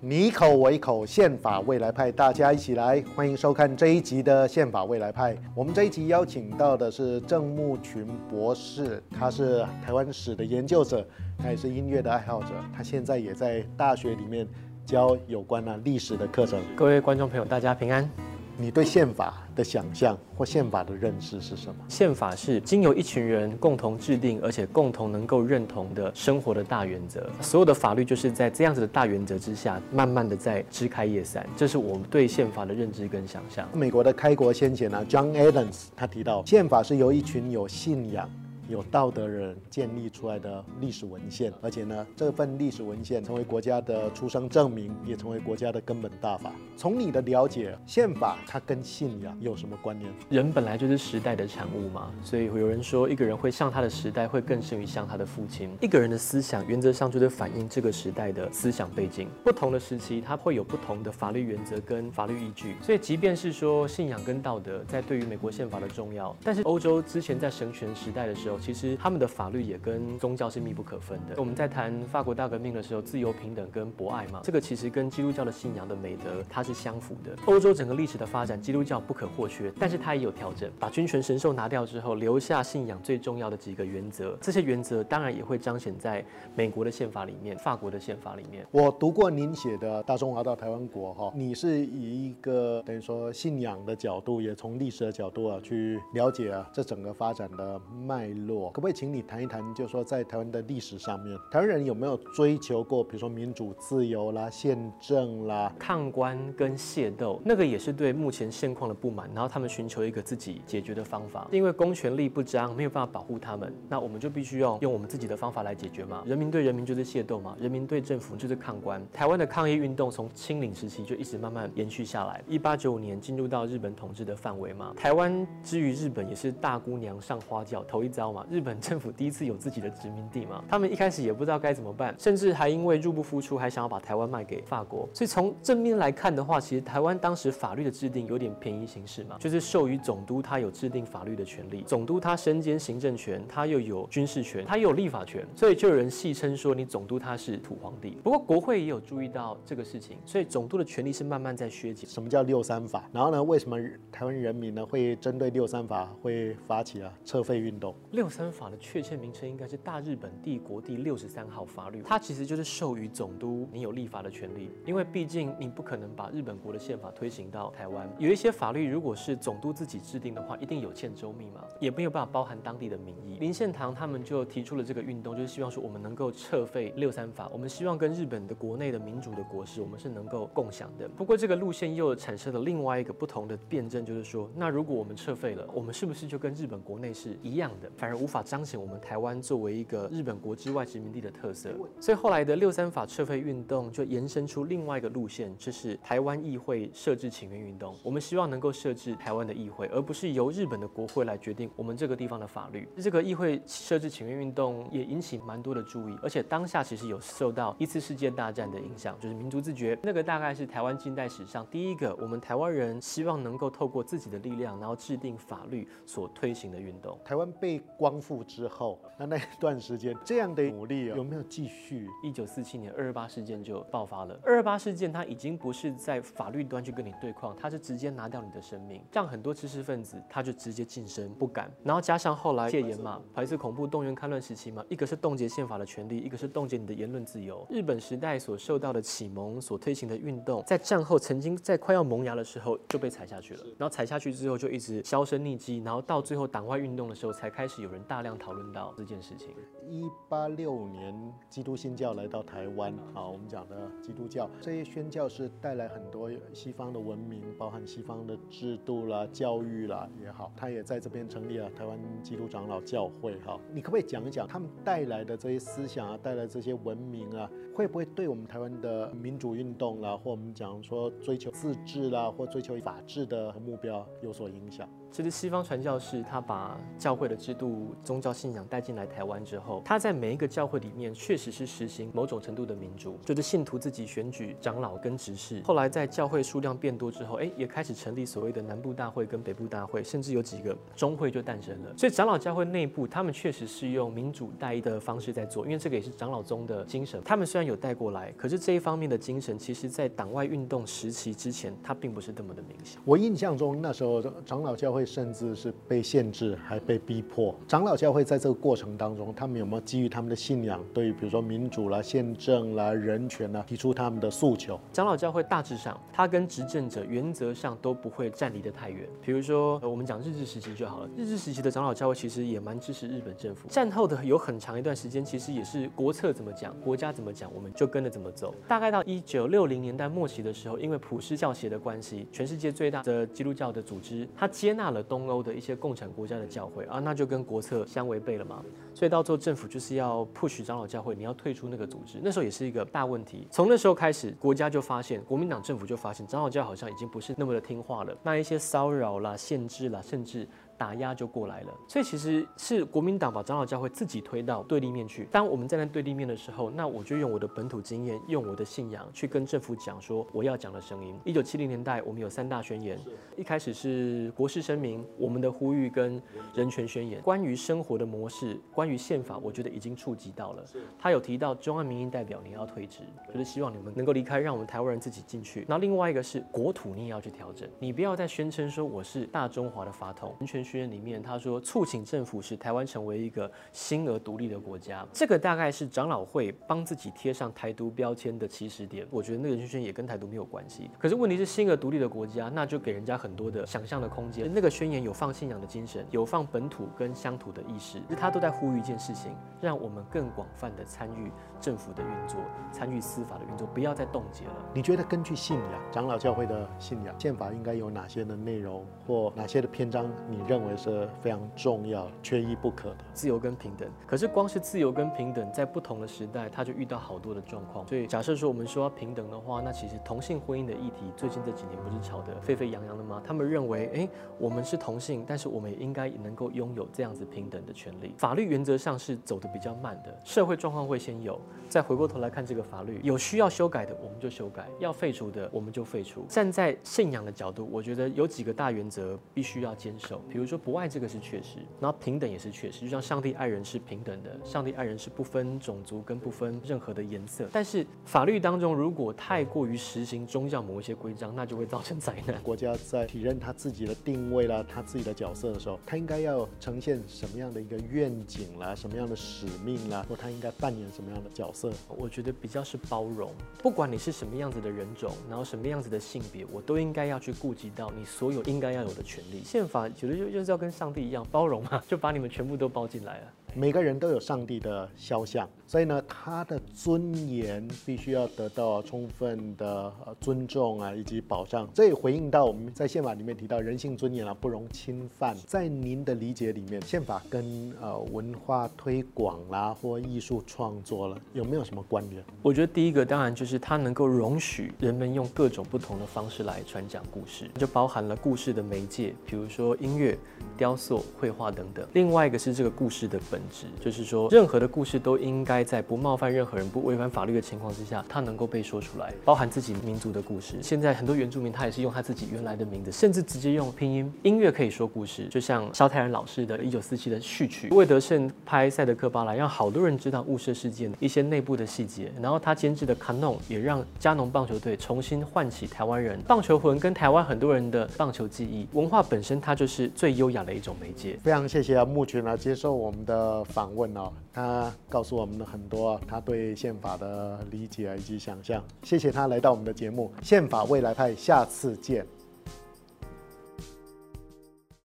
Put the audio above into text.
你一口我一口，憲法未來派，大家一起來，歡迎收看這一集的憲法未來派。我們這一集邀請到的是鄭睦群博士，他是台灣史的研究者，他也是音樂的愛好者，他現在也在大學裡面教有關歷史的課程。各位觀眾朋友，大家平安。你對憲法的想象或憲法的認知是什麼？憲法是經由一群人共同制定，而且共同能夠認同的生活的大原則。所有的法律就是在這樣子的大原則之下，慢慢的在枝開葉散。這是我對憲法的認知跟想象。美國的開國先賢啊 John Adams，他提到憲法是由一群有信仰，有道德人建立出來的歷史文獻，而且呢，這份歷史文獻成為國家的出生證明，也成為國家的根本大法。從你的了解，憲法它跟信仰有什麼關聯？人本來就是時代的產物嘛，所以會有人說，一個人會像他的時代，會更勝於像他的父親。一個人的思想原則上就是反映這個時代的思想背景。不同的時期，它會有不同的法律原則跟法律依據。所以，即便是說信仰跟道德在對於美國憲法的重要，但是歐洲之前在神權時代的時候。其實他們的法律也跟宗教是密不可分的。我們在談法國大革命的時候，自由、平等跟博愛嘛，這個其實跟基督教的信仰的美德它是相符的。歐洲整個歷史的發展，基督教不可或缺，但是它也有調整。把君權神授拿掉之後，留下信仰最重要的幾個原則。這些原則當然也會彰顯在美國的憲法裡面、法國的憲法裡面。我讀過您寫的《大中華到台灣國》哈、哦，你是以一個等於說信仰的角度，也從歷史的角度啊去了解啊這整個發展的脈絡。可不可以請你談一談，就是說在台灣的歷史上面，台灣人有沒有追求過，比如說民主自由啦、憲政啦、抗官跟械鬥，那個也是對目前現況的不滿，然後他們尋求一個自己解決的方法，因為公權力不彰，沒有辦法保護他們，那我們就必須要用，用我們自己的方法來解決嘛。人民對人民就是械鬥嘛，人民對政府就是抗官。台灣的抗議運動從清領時期就一直慢慢延續下來，一八九五年進入到日本統治的範圍嘛，台灣之於日本也是大姑娘上花轎頭一遭嘛。日本政府第一次有自己的殖民地嘛。他們一開始也不知道該怎麼辦，甚至還因為入不敷出，還想要把台灣賣給法國。所以從正面來看的話，其實台灣當時法律的制定有點便宜行事嘛，就是授予總督他有制定法律的權利。總督他身兼行政權，他又有軍事權，他又有立法權，所以就有人戲稱說你總督他是土皇帝。不過國會也有注意到這個事情，所以總督的權力是慢慢在削減。什麼叫六三法？然後呢，為什麼台灣人民呢會針對六三法會發起啊撤廢運動？六三法的確切名稱應該是大日本帝國第六十三號法律，它其實就是授予總督你有立法的權利，因為畢竟你不可能把日本國的憲法推行到台灣。有一些法律如果是總督自己制定的話，一定有欠周密嘛，也沒有辦法包含當地的民意。林獻堂他們就提出了這個運動，就是希望說我們能夠撤廢六三法，我們希望跟日本的國內的民主的國事，我們是能夠共享的。不過這個路線又產生了另外一個不同的辯證，就是說，那如果我們撤廢了，我們是不是就跟日本國內是一樣的？而無法彰顯我們台灣作為一個日本國之外殖民地的特色，所以後來的六三法撤廢運動就延伸出另外一個路線，就是台灣議會設置請願運動。我們希望能夠設置台灣的議會，而不是由日本的國會來決定我們這個地方的法律。這個議會設置請願運動也引起蠻多的注意，而且當下其實有受到一次世界大戰的影響，就是民族自覺。那個大概是台灣近代史上第一個，我們台灣人希望能夠透過自己的力量，然後制定法律所推行的運動。台灣被光復之後，那，那一段時間這樣的努力有沒有繼續？一九四七年二二八事件就爆發了。二二八事件，它已經不是在法律端去跟你對抗，它是直接拿掉你的生命，讓很多知識分子他就直接噤聲，不敢。然後加上後來戒嚴嘛，白色恐怖動員戡亂時期嘛，一個是凍結憲法的權利，一個是凍結你的言論自由。日本時代所受到的啟蒙、所推行的運動，在戰後曾經在快要萌芽的時候就被踩下去了，是然後踩下去之後就一直銷聲匿跡，然後到最後黨外運動的時候才開始有。有人大量討論到這件事情。一八六五年，基督新教來到台灣啊、嗯，我們講的基督教這些宣教士帶來很多西方的文明，包含西方的制度啦、教育啦也好，他也在這邊成立了台灣基督長老教會哈。你可不可以講一講他們帶來的這些思想啊，帶來這些文明啊，會不會對我們台灣的民主運動啦，或我們講說追求自治啦，或追求法治的目標有所影響？其實西方傳教士他把教會的制度。宗教信仰帶進來台灣之後，他在每一個教會裡面確實是實行某種程度的民主，就是信徒自己選舉長老跟執事。後來在教會數量變多之後，誒也開始成立所謂的南部大會跟北部大會，甚至有幾個中會就誕生了。所以長老教會內部，他們確實是用民主代議的方式在做，因為這個也是長老宗的精神。他們雖然有帶過來，可是這一方面的精神，其實在黨外運動時期之前，它並不是那麼的明顯。我印象中，那時候長老教會甚至是被限制，還被逼迫。長老教會在這個過程當中，他們有沒有基於他們的信仰，對於比如說民主啦、啊、憲政啦、啊、人權啦、啊，提出他們的訴求？長老教會大致上，他跟執政者原則上都不會站離得太遠。比如說，我們講日治時期就好了，日治時期的長老教會其實也蠻支持日本政府。戰後的有很長一段時間，其實也是國策怎麼講，國家怎麼講，我們就跟着怎麼走。大概到一九六零年代末期的時候，因為普世教協的關係，全世界最大的基督教的組織，他接納了東歐的一些共產國家的教會啊，那就跟國。相違背了嗎？所以到時候政府就是要迫 h 長老教會，你要退出那個組織。那時候也是一個大問題。從那時候開始，國家就發現，國民黨政府就發現，長老教好像已經不是那麼的聽話了。那一些騷擾啦、限制啦，甚至。打壓就過來了，所以其實是國民黨把長老教會自己推到對立面去。當我們站在那對立面的時候，那我就用我的本土經驗，用我的信仰去跟政府講說我要講的聲音。一九七零年代我們有三大宣言，一開始是國是聲明，我們的呼籲跟人權宣言，關於生活的模式，關於憲法，我覺得已經觸及到了。他有提到中央民意代表你要退職，就是希望你們能夠離開，讓我們台灣人自己進去。那另外一個是國土你也要去調整，你不要再宣稱說我是大中華的法統，宣言裡面他說，促請政府使台灣成為一個新而獨立的國家，這個大概是長老會幫自己貼上台獨標籤的起始點。我覺得那個宣言也跟台獨沒有關係。可是問題是新而獨立的國家，那就給人家很多的想象的空間。那個宣言有放信仰的精神，有放本土跟鄉土的意識，他都在呼籲一件事情，讓我們更廣泛的參與政府的運作，參與司法的運作，不要再凍結了。你覺得根據信仰，長老教會的信仰，憲法應該有哪些的內容或哪些的篇章？你認為？認為是非常重要、缺一不可的自由跟平等。可是光是自由跟平等，在不同的時代，它就遇到好多的狀況。所以假設說我們說要平等的話，那其實同性婚姻的議題，最近這幾年不是吵得沸沸揚揚的嗎？他們認為，誒，我們是同性，但是我們也應該能夠擁有這樣子平等的權利。法律原則上是走得比較慢的，社會狀況會先有，再回過頭來看這個法律，有需要修改的我們就修改，要廢除的我們就廢除。站在信仰的角度，我覺得有幾個大原則必須要堅守，比如。說不愛這個是缺失，然後平等也是缺失。就像上帝愛人是平等的，上帝愛人是不分種族跟不分任何的顏色。但是法律當中如果太過於實行宗教某一些規章，那就會造成災難。國家在體認他自己的定位啦，他自己的角色的時候，他應該要呈現什麼樣的一個願景啦，什麼樣的使命啦，或他應該扮演什麼樣的角色？我覺得比較是包容，不管你是什麼樣子的人種，然後什麼樣子的性別，我都應該要去顧及到你所有應該要有的權利。憲法其實就是。就是要跟上帝一樣包容嘛，就把你們全部都包進來了。每個人都有上帝的肖像，所以呢，他的尊嚴必須要得到充分的尊重啊，以及保障。這也回應到我們在憲法裡面提到人性尊嚴啊，不容侵犯。在您的理解裡面，憲法跟呃文化推廣啦，或藝術創作了，有沒有什麼關聯？我覺得第一個當然就是它能夠容許人們用各種不同的方式來傳講故事，就包含了故事的媒介，比如說音樂、雕塑、繪畫等等。另外一個是這個故事的本。就是說，任何的故事都應該在不冒犯任何人、不違反法律的情況之下，它能夠被說出來。包含自己民族的故事，現在很多原住民他也是用他自己原來的名字，甚至直接用拼音。音樂可以說故事，就像蕭泰然老師的《一九四七的序曲》。魏德聖拍《賽德克巴萊》，讓好多人知道霧社事件一些內部的細節。然後他監製的《KANO》也讓嘉農棒球隊重新喚起台灣人棒球魂跟台灣很多人的棒球記憶。文化本身它就是最優雅的一種媒介。非常謝謝睦群來、啊、接受我們的。呃，訪問哦，他告訴我們很多，他對憲法的理解以及想象。謝謝他來到我們的節目，《憲法未來派》，下次見。